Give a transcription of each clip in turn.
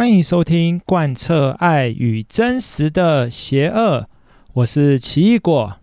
歡迎收聽《貫徹愛與真實的邪惡》，我是奇異果。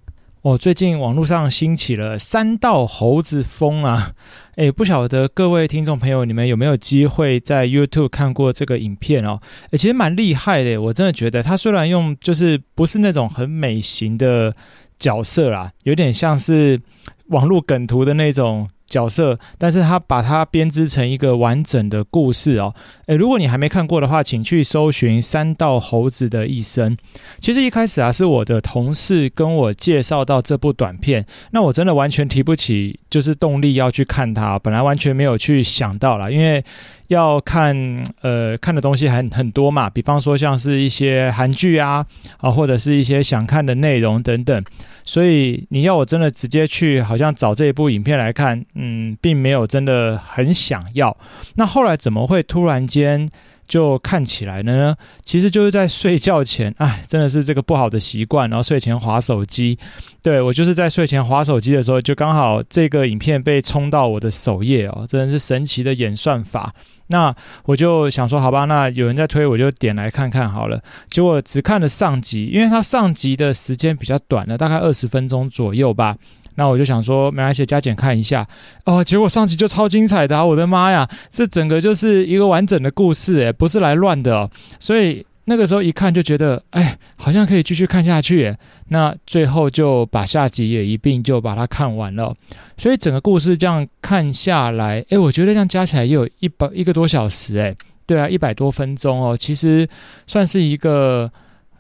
我、哦、最近網絡上興起了山道猴子風啊，誒，不曉得各位聽眾朋友，你們有沒有機會在 YouTube 看過這個影片哦？誒，其實蠻厲害的，我真的覺得他雖然用就是不是那種很美型的角色啦、啊，有點像是網絡梗圖的那種。角色，但是他把它編織成一個完整的故事哦。誒，如果你還沒看過的話，請去搜尋《山道猴子的一生》。其實一開始啊，是我的同事跟我介紹到這部短片，那我真的完全提不起就是動力要去看它，本來完全沒有去想到啦，因為。要看呃看的東西很很多嘛，比方說像是一些韓劇啊，啊或者是一些想看的內容等等，所以你要我真的直接去好像找這一部影片來看，嗯，並沒有真的很想要。那後來怎麼會突然間？就看起來呢，其實就是在睡覺前，哎，真的是這個不好的習慣，然後睡前滑手機。對，我就是在睡前滑手機的時候，就剛好這個影片被衝到我的首頁哦，真的是神奇的演算法。那我就想說，好吧，那有人在推，我就點來看看好了。結果只看了上集，因為它上集的時間比較短了，大概二十分鐘左右吧。那我就想說沒關係，加減看一下哦。結果上集就超精彩的，啊，我的媽呀！這整個就是一個完整的故事，欸，誒，不是來亂的喔。所以那個時候一看就覺得，哎、欸，好像可以繼續看下去欸。那最後就把下集也一併就把它看完了。所以整個故事這樣看下來，哎、欸，我覺得這樣加起來也有一百一個多小時，欸，誒。對啊，一百多分鐘哦，喔。其實算是一個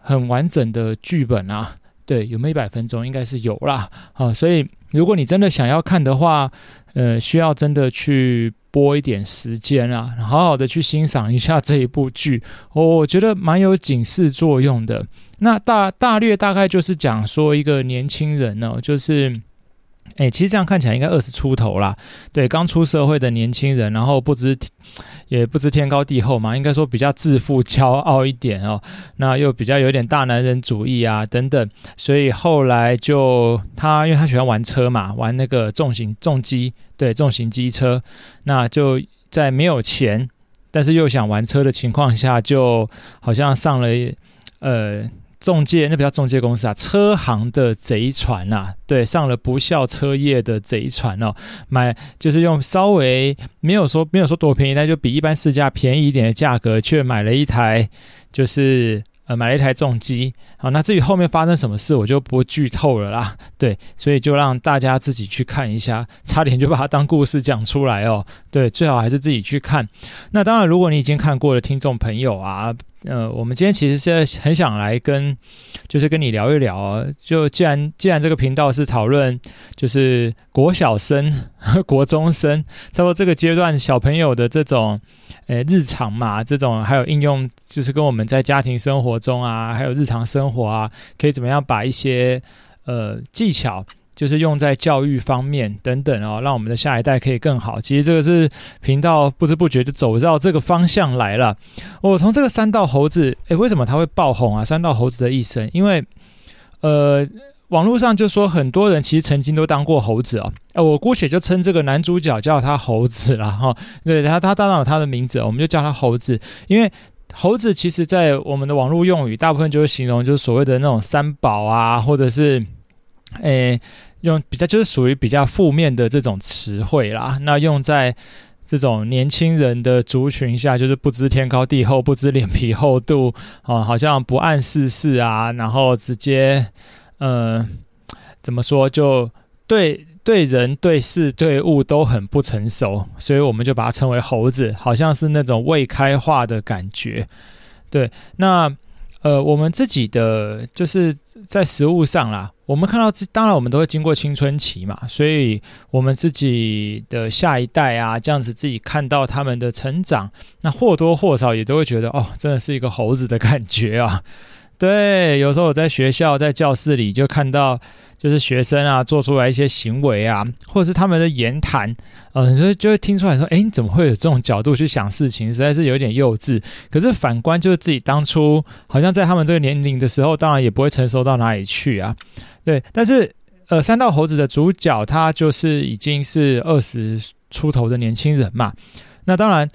很完整的劇本啊。對，有沒有一百分鐘？應該是有啦，啊，所以如果你真的想要看的話，呃，需要真的去撥一點時間啊，好好的去欣賞一下這一部劇，我、哦、我覺得蠻有警示作用的。那大大略大概就是講說一個年輕人呢、哦，就是。誒、欸，其實這樣看起來應該二十出頭啦，對，剛出社會的年輕人，然後不知也不知天高地厚嘛，應該說比較自負、驕傲一點哦，那又比較有點大男人主義啊，等等，所以後來就他，因為他喜歡玩車嘛，玩那個重型重機，對，重型機車，那就在沒有錢，但是又想玩車的情況下，就好像上了，呃。中介那不叫中介公司啊，車行的賊船吶、啊，對，上了不肖車業的賊船哦，買就是用稍微沒有說沒有說多便宜，但就比一般市價便宜一點的價格，卻買了一台，就是呃買了一台重機。好、啊，那至於後面發生什麼事，我就不劇透了啦，對，所以就讓大家自己去看一下，差點就把它當故事講出來哦，對，最好還是自己去看。那當然，如果你已經看過的聽眾朋友啊。呃，我們今天其實是很想來跟，就是跟你聊一聊、哦、就既然既然這個頻道是討論，就是國小生、國中生，差不多這個階段小朋友的這種、欸，日常嘛，這種還有應用，就是跟我們在家庭生活中啊，還有日常生活啊，可以怎麼樣把一些呃技巧，就是用在教育方面等等哦，讓我們的下一代可以更好。其實這個是頻道不知不覺就走到這個方向來了。我從這個山道猴子，誒，為什麼他會爆紅啊？山道猴子的一生，因為呃，網絡上就說很多人其實曾經都當過猴子哦。哎、呃，我姑且就稱這個男主角叫他猴子了哈、哦。對，他他當然有他的名字，我們就叫他猴子。因為猴子其實，在我們的網絡用語，大部分就是形容就是所謂的那種三寶啊，或者是誒。用比較就是屬於比較負面的這種詞彙啦。那用在這種年輕人的族群下，就是不知天高地厚、不知臉皮厚度啊，好像不諳世事啊，然後直接，嗯、呃，怎麼說，就對對人、對事、對物都很不成熟，所以我們就把它稱為猴子，好像是那種未開化的感覺。對，那。呃，我們自己的就是在食物上啦，我們看到，當然我們都會經過青春期嘛，所以我們自己的下一代啊，這樣子自己看到他們的成長，那或多或少也都會覺得，哦，真的是一個猴子的感覺啊。對，有時候我在學校在教室裡就看到，就是學生啊，做出來一些行為啊，或者是他們的言談，嗯、呃，就就會聽出來說，哎，你怎麼會有這種角度去想事情？實在是有點幼稚。可是反觀就是自己當初，好像在他們這個年齡的時候，當然也不會成熟到哪裡去啊。對，但是呃，山道猴子的主角他就是已經是二十出頭的年輕人嘛，那當然。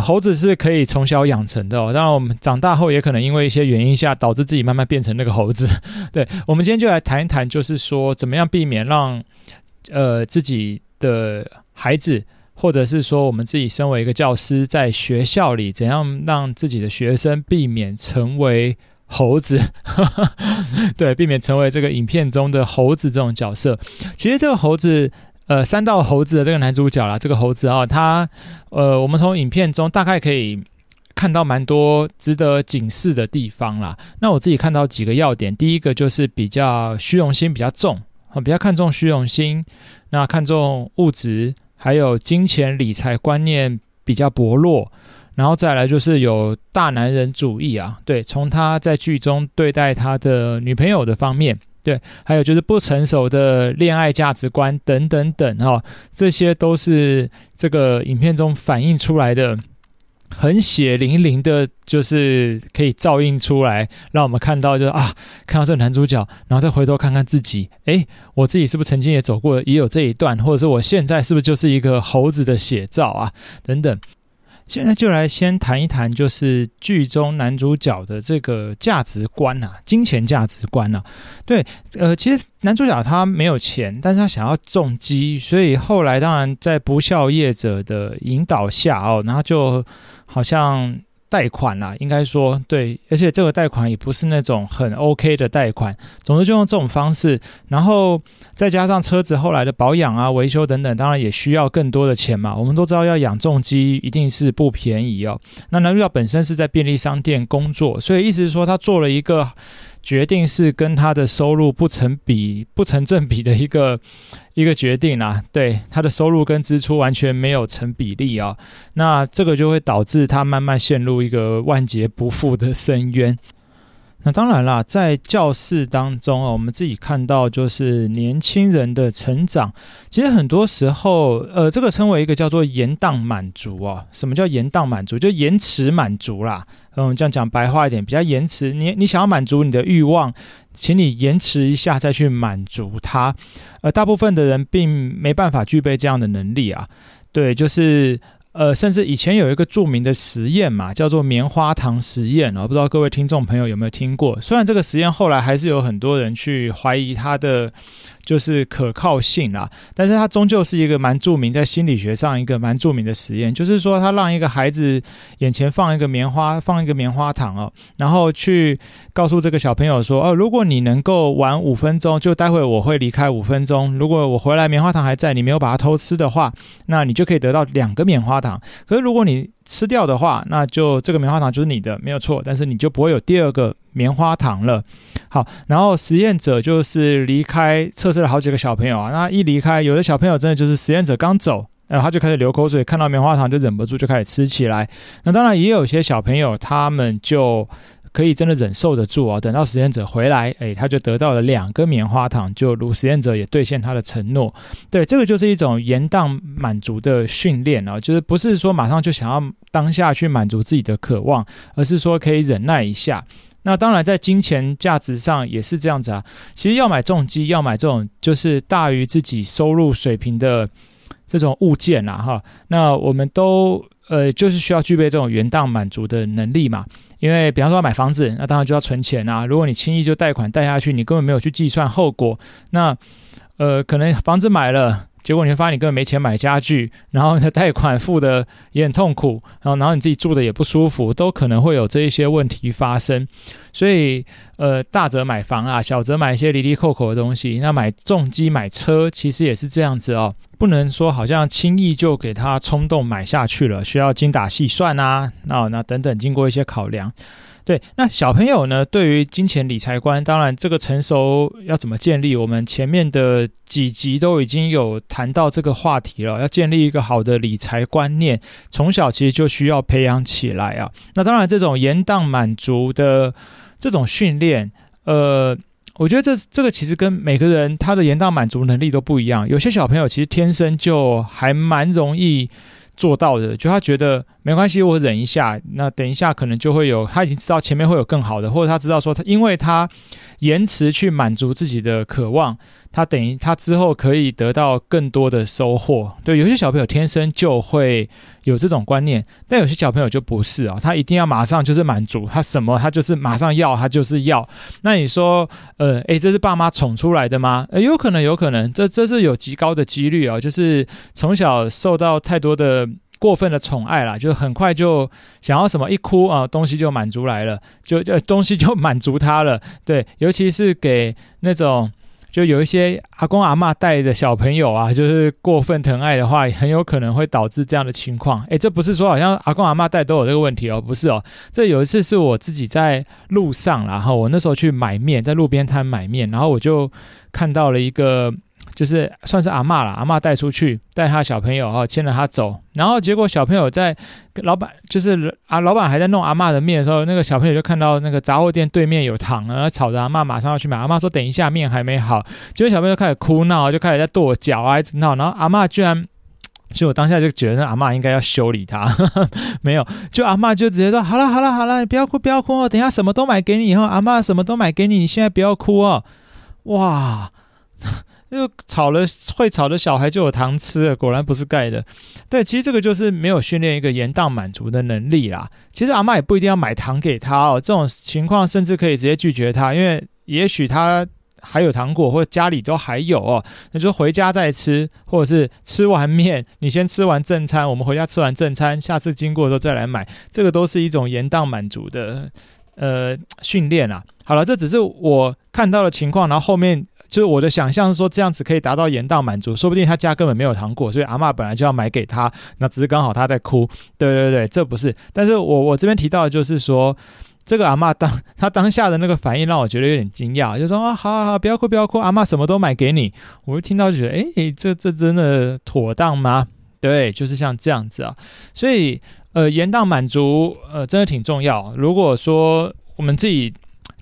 猴子是可以從小養成的哦，當然我們長大後也可能因為一些原因下導致自己慢慢變成那個猴子。對，我們今天就來談一談，就是說怎麼樣避免讓呃自己的孩子，或者是說我們自己身為一個教師，在學校裡怎樣讓自己的學生避免成為猴子， 對，避免成為這個影片中的猴子這種角色。其實這個猴子。呃，山道猴子的這個男主角啦，這個猴子啊，他，呃，我們從影片中大概可以看到蠻多值得警示的地方啦。那我自己看到幾個要點，第一個就是比較虛榮心比較重，啊、比較看重虛榮心，那看重物質，還有金錢理財觀念比較薄弱。然後再來就是有大男人主義啊，對，從他在劇中對待他的女朋友的方面。對，還有就是不成熟的戀愛價值觀等等等、哦，哈，這些都是這個影片中反映出來的，很血淋淋的，就是可以照應出來，讓我們看到，就是啊，看到這男主角，然後再回頭看看自己，哎，我自己是不是曾經也走過，也有這一段，或者是我現在是不是就是一個猴子的寫照啊，等等。現在就來先談一談，就是劇中男主角的這個價值觀啊，金錢價值觀啊。對，呃，其實男主角他沒有錢，但是他想要重機，所以後來當然在不肖業者的引導下哦，然後就好像。貸款啦、啊，應該說，對，而且這個貸款也不是那種很 OK 的貸款。總之就用這種方式，然後再加上車子後來的保養啊、維修等等，當然也需要更多的錢嘛。我們都知道要養重機一定是不便宜哦。那南玉本身是在便利商店工作，所以意思是說他做了一個。決定是跟他的收入不成比、不成正比的一個一個決定啦、啊，對他的收入跟支出完全沒有成比例啊，那這個就會導致他慢慢陷入一個萬劫不復的深淵。那當然啦，在教室當中啊，我們自己看到就是年輕人的成長，其實很多時候，呃，這個稱為一個叫做延宕滿足啊，什麼叫延宕滿足？就延遲滿足啦。嗯，這樣講白話一點，比較延遲。你你想要滿足你的慾望，請你延遲一下再去滿足它。呃，大部分的人並沒辦法具備這樣的能力啊。對，就是。呃，甚至以前有一個著名的實驗嘛，叫做棉花糖實驗我、哦、不知道各位聽眾朋友有沒有聽過？雖然這個實驗後來還是有很多人去懷疑它的就是可靠性啦、啊，但是它終究是一個蠻著名在心理學上一個蠻著名的實驗，就是說他讓一個孩子眼前放一個棉花，放一個棉花糖哦，然後去告訴這個小朋友說哦、呃，如果你能夠玩五分鐘，就待會我會離開五分鐘，如果我回來棉花糖還在，你沒有把它偷吃的話，那你就可以得到兩個棉花糖。可是如果你吃掉的話，那就這個棉花糖就是你的，沒有錯。但是你就不會有第二個棉花糖了。好，然後實驗者就是離開測試了好幾個小朋友啊，那一離開，有的小朋友真的就是實驗者剛走，然後他就開始流口水，看到棉花糖就忍不住就開始吃起來。那當然也有些小朋友他們就。可以真的忍受得住哦、啊，等到實驗者回來，誒，他就得到了兩個棉花糖。就如實驗者也兌現他的承諾，對，這個就是一種延宕滿足的訓練啊。就是不是說馬上就想要當下去滿足自己的渴望，而是說可以忍耐一下。那當然，在金錢價值上也是這樣子啊。其實要買重機，要買這種就是大於自己收入水平的這種物件啊，哈。那我們都呃，就是需要具備這種延宕滿足的能力嘛。因為比方說要買房子，那當然就要存錢啊。如果你輕易就貸款貸下去，你根本沒有去計算後果。那，呃，可能房子買了。結果你會發現你根本沒錢買家具，然後你的貸款付得也很痛苦，然後然後你自己住得也不舒服，都可能會有這一些問題發生。所以，呃，大則買房啊，小則買一些離離扣扣的東西。那買重機、買車，其實也是這樣子哦，不能說好像輕易就給他衝動買下去了，需要精打細算啊。那、哦、那等等，經過一些考量。對，那小朋友呢？對於金錢理財觀，當然這個成熟要怎麼建立，我們前面的幾集都已經有談到這個話題了。要建立一個好的理財觀念，從小其實就需要培養起來啊。那當然，這種延宕滿足的這種訓練，呃，我覺得這這個其實跟每個人他的延宕滿足能力都不一樣。有些小朋友其實天生就還蠻容易。做到的，就他覺得沒關係，我忍一下。那等一下可能就會有，他已經知道前面會有更好的，或者他知道說他，因為他延遲去滿足自己的渴望。他等於他之後可以得到更多的收穫，對。有些小朋友天生就會有這種觀念，但有些小朋友就不是啊、哦。他一定要馬上就是滿足他什麼，他就是馬上要，他就是要。那你說，呃，誒，這是爸媽寵出來的嗎？誒，有可能，有可能，這這是有極高的幾率啊、哦，就是從小受到太多的過分的寵愛啦，就很快就想要什麼，一哭啊、呃，東西就滿足來了，就就、呃、東西就滿足他了。對，尤其是給那種。就有一些阿公阿嬤帶的小朋友啊，就是過分疼愛的話，很有可能會導致這樣的情況。誒，這不是說好像阿公阿嬤帶都有這個問題哦，不是哦。這有一次是我自己在路上，然後我那時候去買麵，在路邊攤買麵，然後我就看到了一個。就是算是阿媽了，阿媽帶出去，帶他小朋友哈、哦，牽着他走。然後結果小朋友在跟老板，就是啊，老板還在弄阿媽的麵的時候，那個小朋友就看到那個雜貨店對面有糖，然後吵着阿媽馬上要去買。阿媽說等一下，麵還沒好。結果小朋友就開始哭鬧，就開始在跺腳啊，一直鬧。然後阿媽居然，其實我當下就覺得那阿媽應該要修理他，呵呵沒有，就阿媽就直接說好了，好了，好了，你不要哭，不要哭、哦、等下什麼都買給你以後、哦、阿媽什麼都買給你，你現在不要哭哦，哇。就吵了，會吵的小孩就有糖吃了，果然不是蓋的。對，其實這個就是沒有訓練一個延宕滿足的能力啦。其實阿嬤也不一定要買糖給他哦，這種情況甚至可以直接拒絕他，因為也許他還有糖果，或者家裡都還有哦。那就回家再吃，或者是吃完麵，你先吃完正餐。我們回家吃完正餐，下次經過的時候再來買。這個都是一種延宕滿足的呃訓練啊。好了，這只是我看到的情況，然後後面。就是我的想象是說，這樣子可以達到延宕滿足，說不定他家根本沒有糖果，所以阿嬤本來就要買給他，那只是剛好他在哭，對對對，這不是。但是我我這邊提到的就是說，這個阿嬤當他當下的那個反應讓我覺得有點驚訝，就是說，啊，好好好，不要哭不要哭，阿嬤什麼都買給你。我會聽到就覺得，哎，這這真的妥當嗎？對，就是像這樣子啊。所以呃，延宕滿足呃真的挺重要。如果說我們自己。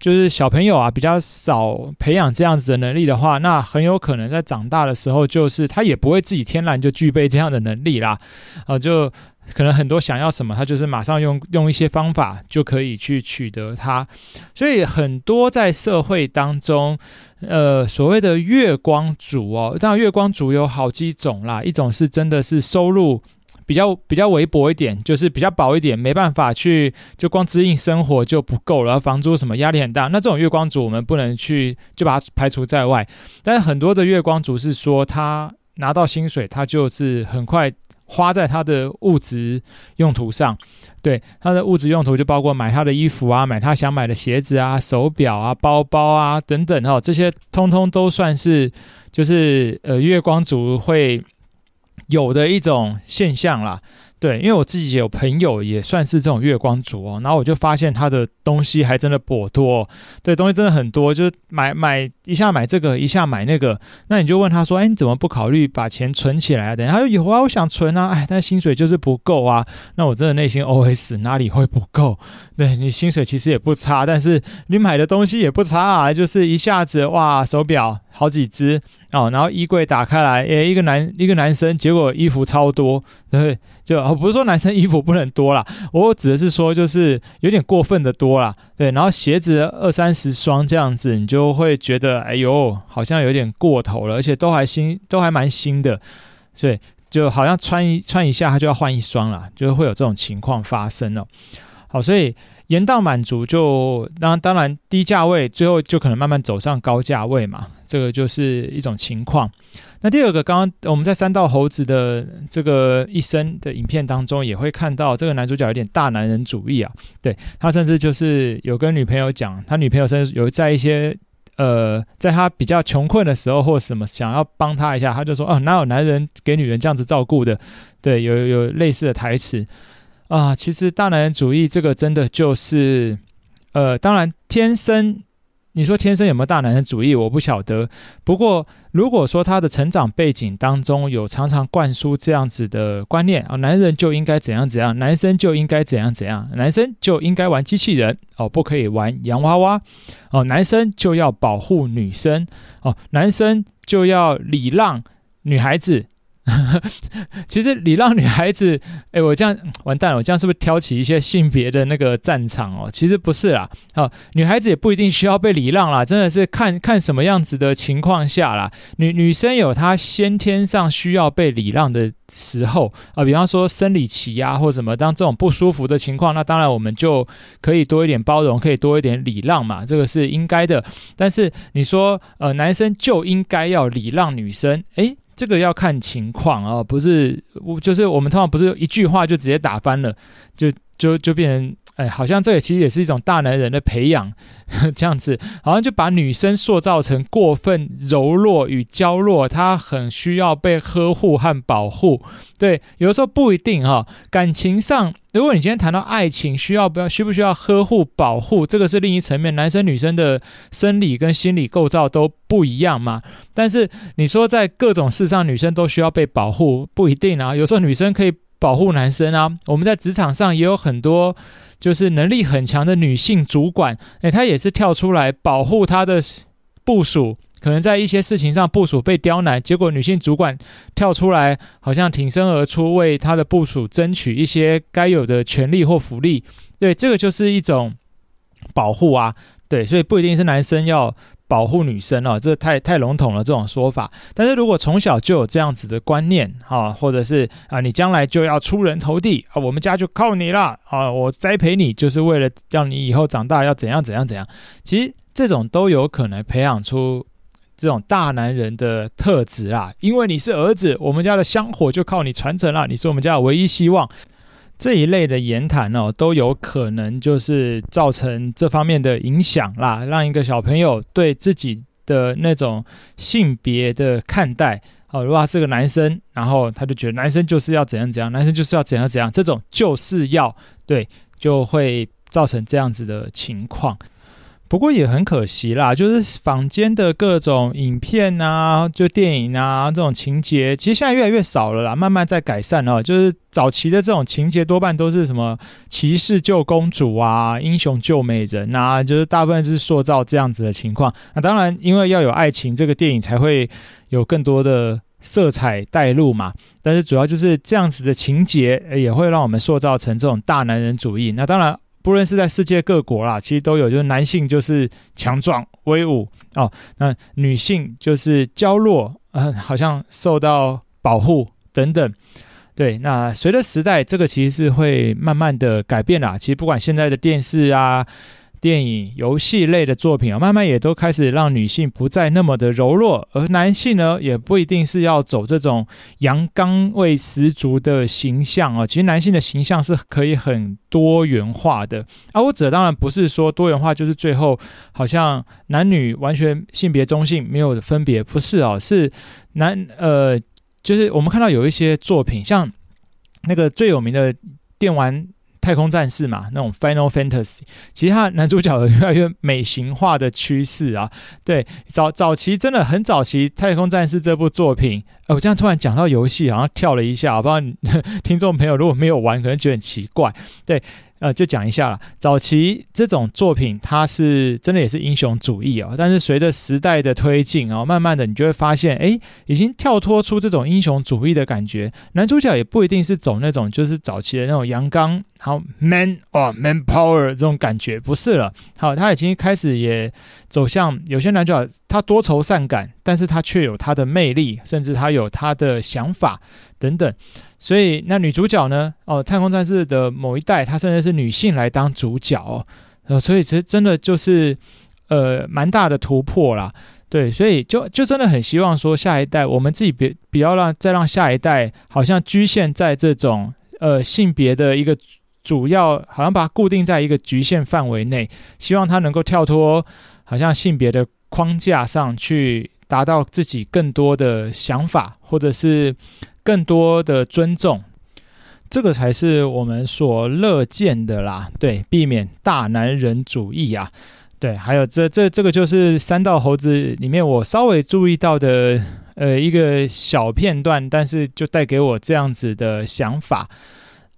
就是小朋友啊，比較少培養這樣子的能力的話，那很有可能在長大的時候，就是他也不會自己天然就具備這樣的能力啦。啊、呃，就可能很多想要什麼，他就是馬上用用一些方法就可以去取得它。所以很多在社會當中，呃，所謂的月光族哦，那月光族有好幾種啦，一種是真的是收入。比較比較微薄一點，就是比較薄一點，沒辦法去就光支撐生活就不夠了，房租什麼壓力很大。那這種月光族，我們不能去就把它排除在外。但是很多的月光族是說，他拿到薪水，他就是很快花在他的物質用途上。對他的物質用途，就包括買他的衣服啊，買他想買的鞋子啊、手表啊、包包啊等等哈，這些通通都算是就是呃月光族會。有的一種現象啦，對，因為我自己有朋友也算是這種月光族哦，然後我就發現他的東西還真的頗多，對，東西真的很多，就是買買一下買這個，一下買那個，那你就問他說，哎、欸，你怎麼不考慮把錢存起來啊？等一下他說有啊，我想存啊，哎，但薪水就是不夠啊，那我真的內心 OS 哪裡會不夠？對你薪水其實也不差，但是你買的東西也不差啊，就是一下子哇手錶。好幾隻哦，然後衣櫃打開來，誒，一個男一個男生，結果衣服超多，對，就、哦、不是說男生衣服不能多了，我指的是說就是有點過分的多了，對，然後鞋子二三十雙這樣子，你就會覺得哎呦，好像有點過頭了，而且都還新，都還蠻新的，所以就好像穿一穿一下，他就要換一雙了，就會有這種情況發生了。好，所以。延宕滿足就當當然低價位，最後就可能慢慢走上高價位嘛，這個就是一種情況。那第二個，剛剛我們在山道猴子的這個一生的影片當中，也會看到這個男主角有點大男人主義啊，對，他甚至就是有跟女朋友講，他女朋友甚至有在一些呃，在他比較窮困的時候或什麼想要幫他一下，他就說哦、啊，哪有男人給女人這樣子照顧的？對，有有類似的台詞。啊，其實大男人主義這個真的就是，呃，當然天生，你說天生有沒有大男人主義，我不曉得。不過如果說他的成長背景當中有常常灌輸這樣子的觀念啊，男人就應該怎樣怎樣，男生就應該怎樣怎樣，男生就應該玩機器人哦、啊，不可以玩洋娃娃哦、啊，男生就要保護女生哦、啊，男生就要禮讓女孩子。 其實禮讓女孩子，哎、欸，我這樣完蛋了，我這樣是不是挑起一些性別的那個戰場哦？其實不是啦，好、呃，女孩子也不一定需要被禮讓啦，真的是看看什麼樣子的情況下啦。女女生有她先天上需要被禮讓的時候啊、呃，比方說生理期啊，或者什麼，當這種不舒服的情況，那當然我們就可以多一點包容，可以多一點禮讓嘛，這個是應該的。但是你說，呃，男生就應該要禮讓女生，哎、欸？這個要看情況啊，不是我就是我們通常不是一句話就直接打翻了，就就就變成哎，好像這個其實也是一種大男人的培養呵這樣子，好像就把女生塑造成過分柔弱與嬌弱，她很需要被呵護和保護。對，有的時候不一定哈，感情上。如果你今天談到愛情，需要不要需不需要呵護保護？這個是另一層面，男生女生的生理跟心理構造都不一樣嘛。但是你說在各種事上，女生都需要被保護，不一定啊。有時候女生可以保護男生啊。我們在職場上也有很多就是能力很強的女性主管，誒、哎，她也是跳出來保護她的部屬。可能在一些事情上部屬被刁難，結果女性主管跳出來，好像挺身而出，為她的部屬爭取一些該有的權利或福利。對，這個就是一種保護啊。對，所以不一定是男生要保護女生哦、啊，這太太籠統了這種說法。但是如果從小就有這樣子的觀念，啊，或者是啊，你將來就要出人頭地啊，我們家就靠你了啊，我栽培你就是為了讓你以後長大要怎樣怎樣怎樣。其實這種都有可能培養出。這種大男人的特質啊，因為你是兒子，我們家的香火就靠你傳承了啊，你是我們家的唯一希望。這一類的言談哦啊，都有可能就是造成這方面的影響啦，讓一個小朋友對自己的那種性別的看待哦啊，如果他是個男生，然後他就覺得男生就是要怎樣怎樣，男生就是要怎樣怎樣，這種就是要，對，就會造成這樣子的情況。不過也很可惜啦，就是坊間的各種影片啊，就電影啊這種情節，其實現在越來越少了啦，慢慢在改善了哦。就是早期的這種情節，多半都是什麼騎士救公主啊，英雄救美人啊，就是大部分是塑造這樣子的情況。那當然，因為要有愛情，這個電影才會有更多的色彩帶入嘛。但是主要就是這樣子的情節，也會讓我們塑造成這種大男人主義。那當然。不論是在世界各國啦，其實都有，就是男性就是強壯威武哦，那女性就是嬌弱，呃，好像受到保護等等。對，那隨着時代，這個其實是會慢慢的改變啦。其實不管現在的電視啊。電影、遊戲類的作品啊，慢慢也都開始讓女性不再那麽的柔弱，而男性呢，也不一定是要走這種陽剛味十足的形象啊。其實男性的形象是可以很多元化的。而、啊、我指的當然不是說多元化就是最後好像男女完全性別中性沒有分別，不是啊，是男呃，就是我們看到有一些作品，像那個最有名的電玩。太空戰士嘛，那種 Final Fantasy，其實他男主角有越來越美型化的趨勢啊。對，早早期真的很早期太空戰士這部作品，呃、我這樣突然講到遊戲，好像跳了一下，我不知道聽眾朋友如果沒有玩，可能覺得很奇怪。對，呃，就講一下啦。早期這種作品，它是真的也是英雄主義啊、哦，但是隨着時代的推進然後，哦、慢慢的你就會發現，哎、欸，已經跳脫出這種英雄主義的感覺，男主角也不一定是走那種就是早期的那種陽剛。好，man 哦，man power 這種感覺不是了。好，他已經開始也走向有些男主角，他多愁善感，但是他卻有他的魅力，甚至他有他的想法等等。所以那女主角呢？哦，太空戰士的某一代，她甚至是女性來當主角哦。所以其實真的就是呃，蠻大的突破啦。對，所以就就真的很希望說，下一代我們自己別不要讓再讓下一代好像局限在這種呃性別的一個。主要好像把它固定在一個侷限範圍內，希望它能夠跳脫，好像性別的框架上去，達到自己更多的想法，或者是更多的尊重，這個才是我們所樂見的啦。對，避免大男人主義啊。對，還有這這這個就是山道猴子裡面我稍微注意到的呃一個小片段，但是就帶給我這樣子的想法。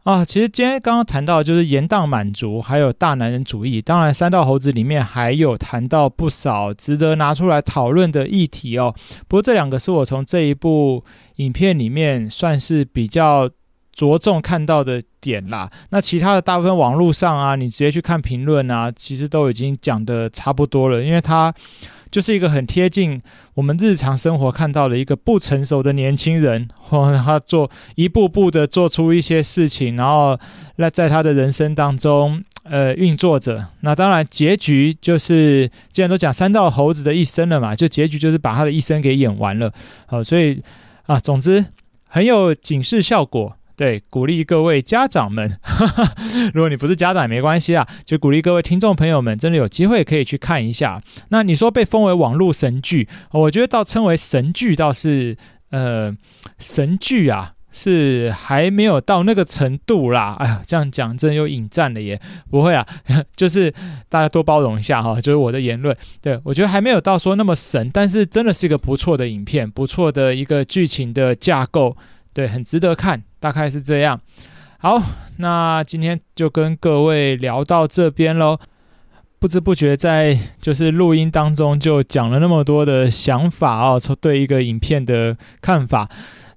啊，其實今天剛剛談到的就是延宕滿足，還有大男人主義。當然，山道猴子裡面還有談到不少值得拿出來討論的議題哦。不過這兩個是我從這一部影片裡面算是比較着重看到的點啦。那其他的大部分網絡上啊，你直接去看評論啊，其實都已經講得差不多了，因為它。就是一個很貼近我們日常生活看到的一個不成熟的年輕人，然後他做一步步的做出一些事情，然後那在他的人生當中，呃，運作着。那當然結局就是，既然都講山道猴子的一生了嘛，就結局就是把他的一生給演完了。好、呃，所以啊，總之很有警示效果。對，鼓勵各位家長們，呵呵，如果你不是家長，也沒關係啊，就鼓勵各位聽眾朋友們，真的有機會可以去看一下。那你說被封為網絡神劇，哦，我覺得倒稱為神劇倒是，呃，神劇啊，是還沒有到那個程度啦。哎呀，這樣講真有引戰的耶，不會啊，就是大家多包容一下哈，就是我的言論。對，我覺得還沒有到說那麼神，但是真的是一個不錯的影片，不錯的一個劇情的架構，對，很值得看。大概是這樣，好，那今天就跟各位聊到這邊嘍。不知不覺，在就是錄音當中就講了那麼多的想法哦，對一個影片的看法，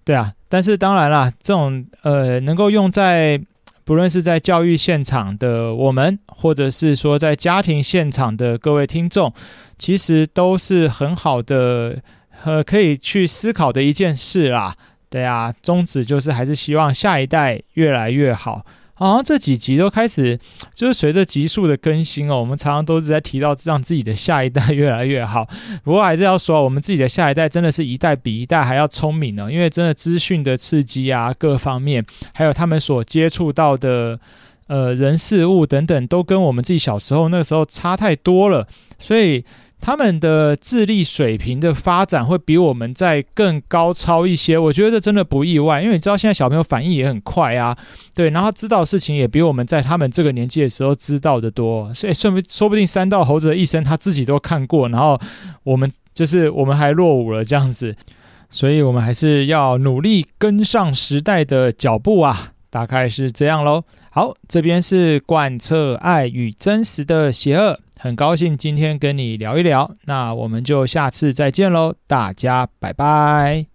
對啊。但是當然啦，這種呃，能夠用在不論是在教育現場的我們，或者是說在家庭現場的各位聽眾，其實都是很好的，呃，可以去思考的一件事啦、啊。對啊，宗旨就是還是希望下一代越來越好。好像這幾集都開始，就是隨着集數的更新哦，我們常常都是在提到讓自己的下一代越來越好。不過還是要說，我們自己的下一代真的是一代比一代還要聰明哦，因為真的資訊的刺激啊，各方面，還有他們所接觸到的呃人事物等等，都跟我們自己小時候那個時候差太多了，所以。他們的智力水平的發展會比我們再更高超一些，我覺得真的不意外，因為你知道現在小朋友反應也很快啊，對，然後他知道事情也比我們在他們這個年紀的時候知道的多，所以說不說不定山道猴子的一生他自己都看過，然後我們就是我們還落伍了這樣子，所以我們還是要努力跟上時代的腳步啊，大概是這樣嘍。好，這邊是貫徹愛與真實的邪惡。很高興今天跟你聊一聊，那我們就下次再見嘍，大家拜拜。